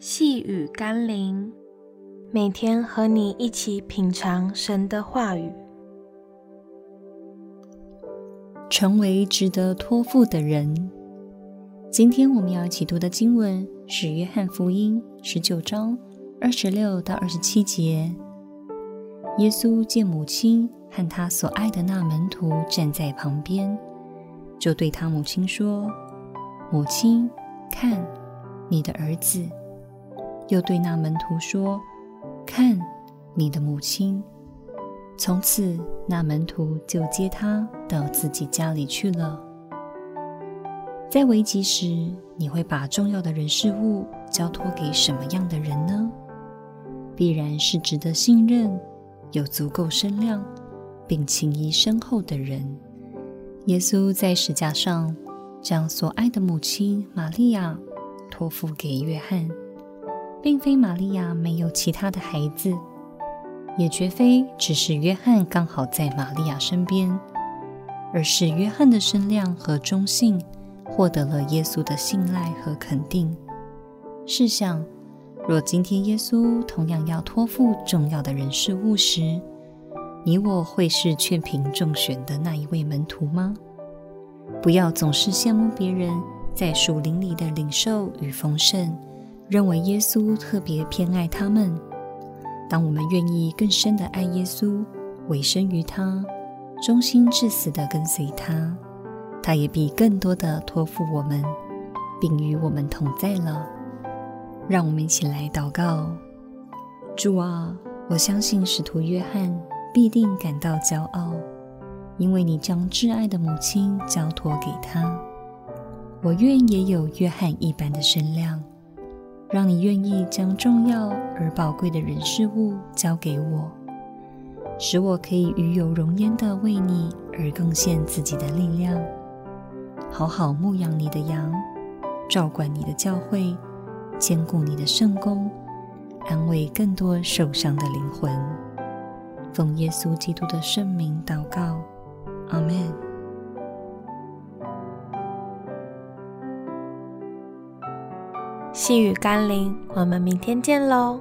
細語甘霖，每天和你一起品嘗神的話語，成為值得託付的人。今天我們要一起讀的經文是《約翰福音》十九章二十六到二十七節。耶穌見母親和他所愛的那門徒站在旁邊，就對他母親說：“母親，看，你的兒子。”又對那門徒說：“看，你的母親。”從此，那門徒就接她到自己家裡去了。在危急時，你會把重要的人事物交託給什麼樣的人呢？必然是值得信任、有足夠身量，並情誼深厚的人。耶穌在十架上將所愛的母親瑪利亞託付給約翰。並非瑪利亞沒有其他的孩子，也絕非只是約翰剛好在瑪利亞身邊，而是約翰的身量和忠信獲得了耶穌的信賴和肯定。試想，若今天耶穌同樣要託付重要的人事物時，你我會是雀屏中選的那一位門徒嗎？不要總是羨慕別人在屬靈裡的領受與豐盛。認為耶穌特別偏愛他們。當我們願意更深地愛耶穌，委身於他，忠心至死地跟隨他，他也必更多地託付我們，並與我們同在了。讓我們一起來禱告：主啊，我相信使徒約翰必定感到驕傲，因為你將摯愛的母親交託給他。我願也有約翰一般的身量。讓你願意將重要而寶貴的人事物交給我，使我可以與有榮焉地為你而貢獻自己的力量，好好牧養你的羊，照管你的教會，堅固你的聖工，安慰更多受傷的靈魂。奉耶穌基督的聖名禱告，阿細語甘霖，我們明天見嘍。